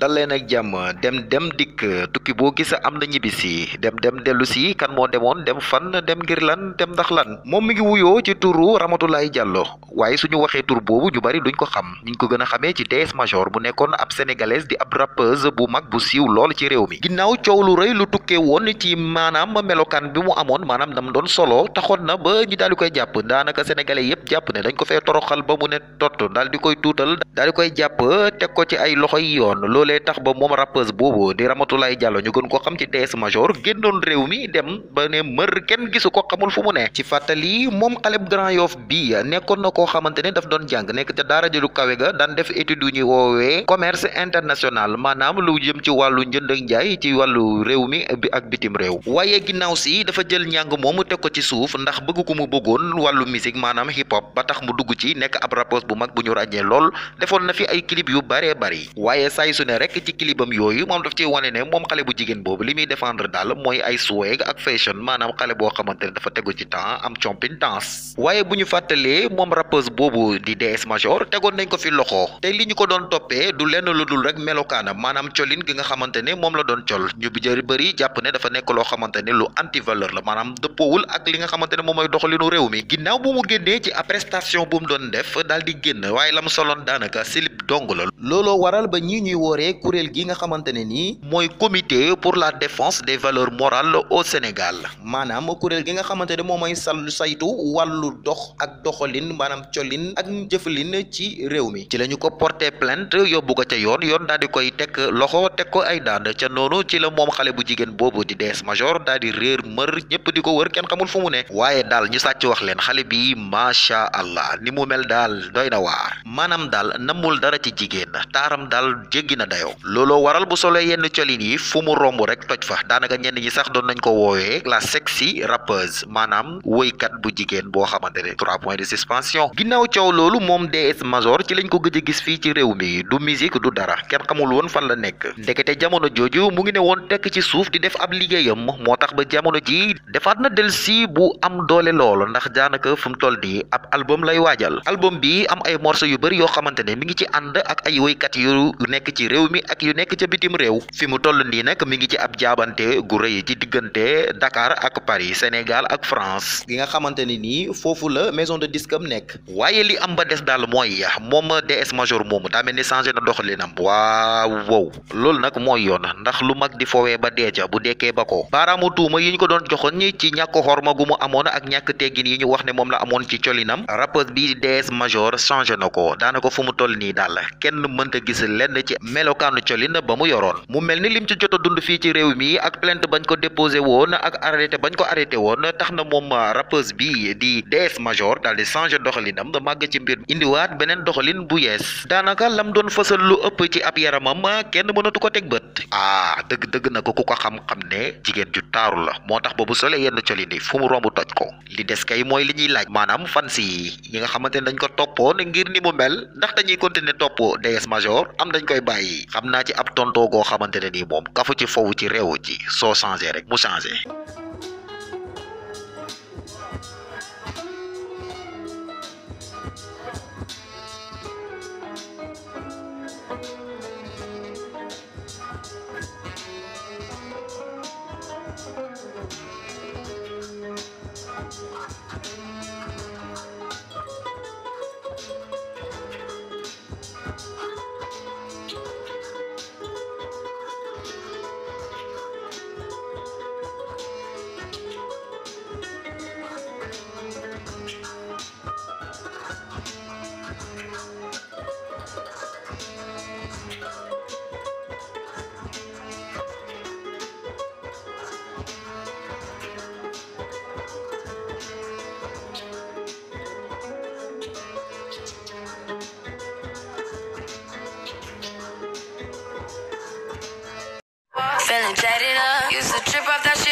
dalleen ak jàmm dem dem dikk tukki boo gis am na ñibbisi dem dem dellu si kan moo demoon dem fan dem ngir lan dem ndax lan moom mi ngi wuyoo ci turu Ramatoulaye Diallo waaye suñu waxee tur boobu ñu bari duñ ko xam ñu ko gën a xamee ci DS Major bu nekkoon ab sénégalaise di ab rappeuse bu mag bu siiw lool ci réew mi ginnaaw coow lu rey lu tukkee woon ci maanaam melokaan bi mu amoon maanaam dam doon solo taxoon na ba ñu daal di koy jàpp daanaka sénégalais yëpp jàpp ne dañ ko fee toroxal ba mu ne tot daal di koy daal di koy jàpp teg ko ci ay loxoy yoon loolee tax ba moom rappeuse boobu di Ramatoulaye Diallo ñu gën ko xam ci DS Major doon réew mi dem ba ne mër kenn gisu ko xamul fu mu ne ci fàttali moom xaleb Grand Yoff bi nekkoon na koo xamante ne daf doon jàng nekk ca daara jëlu kawe ga daan def étude yu ñuy woowee commerce international maanaam lu jëm ci wàllu njënd ak ci wàllu réew mi bi ak bitim réew waaye ginnaaw si dafa jël njàng moom mu teg ko ci suuf ndax bëgg ko mu bëggoon wàllu musique maanaam hip hop ba tax mu dugg ci nekk ab rappeuse bu mag bu ñu ràññee lool defoon na fi ay clip yu bare bari waaye saay continuer rek ci kilibam yooyu moom daf ciy wane ne moom xale bu jigéen boobu li muy défendre daal mooy ay swag ak fashion maanaam xale boo xamante ne dafa tegu ci temps am compin danse waaye bu ñu fàttalee moom rappeuse boobu di DS Major tegoon nañ ko fi loxo te li ñu ko doon toppee du lenn lu dul rek melokaanam maanaam colin gi nga xamante ne moom la doon col ñu bi jëri bëri jàpp ne dafa nekk loo xamante ne lu anti la maanaam dëppoowul ak li nga xamante ne moom mooy doxalinu réew mi ginnaaw bu mu génnee ci prestation bu doon def daal di génn waaye la looloo waral ba ñii ñuy woo dooree kuréel gi nga xamante ne nii mooy comité pour la défense des valeur morales au Sénégal maanaam kuréel gi nga xamante ne moom mooy sal saytu wallu dox ak doxalin maanaam collin ak jëfalin ci réew mi ci la ko porté plainte yóbbu ko ca yoon yoon daal di koy teg loxo teg ko ay daan ca noonu ci la moom xale bu jigéen boobu di dees major daal di réer mër ñëpp di ko wër kenn xamul fa mu ne waaye daal ñu sàcc wax leen xale bi macha allah ni mu mel daal doy na waar maanaam daal namul jigéen na looloo waral bu solee yenn colin yi fu mu romb rek toj fa daanaka ñenn ñi sax doon nañ ko woowee la sexy rappeuse maanaam woykat bu jigéen boo xamante ne trois points de suspension ginnaaw coow loolu moom DS Major ci lañ ko gëj a gis fii ci réew mi du musique du dara kenn xamul woon fan la nekk ndekete jamono jooju mu ngi ne woon tekk ci suuf di def ab liggéeyam moo tax ba jamono ji defaat na del bu am doole lool ndax daanaka fu mu toll nii ab album lay waajal album bi am ay morceaux yu bëri yoo xamante ne mi ngi ci ànd ak ay woykat yu nekk ci ci réew mi ak yu nekk ca bitim réew fi mu toll nii nag mi ngi ci ab jaabante gu rëy ci diggante Dakar ak Paris Sénégal ak France gi nga xamante ne nii foofu la maison de disque am nekk waaye li am ba des daal mooy moom DS Major moomu daa mel ni changé na doxalinam waaw wow loolu nag mooy yoon ndax lu mag di foowee ba deeja bu dekkee ba ko baaraamu tuuma yi ñu ko doon joxoon ci ñàkk xorma gu mu amoon ak ñàkk teggin yi ñu wax ne moom la amoon ci colinam rappeur bi DS Major na ko daanaka fu mu nii daal melokaanu colin ba mu yoroon mu mel ni lim ci jot a dund fii ci réew mi ak plainte bañ ko déposé woon ak arrêté bañ ko arrêté woon tax na moom rappeuse bi di DS Major daal di changé doxalinam màgg ci mbir indiwaat beneen doxalin bu yees daanaka lam doon fësal lu ëpp ci ab yaramam kenn mënatu ko teg bët ah dëgg dëgg na ko ku ko xam-xam ne jigéen ju taaru la moo tax boobu sole yenn colin yi fu mu romb toj ko li des kay mooy li ñuy laaj maanaam fans yi ñi nga xamante ne dañ ko toppoon ngir ni mu mel ndax dañuy continuer topp DS Major am dañ yi xam naa ci ab tontoo goo xamante ne nii moom kafu ci fowu ci réew ci soo changé rek mu changé. and chat it up. Used to trip off that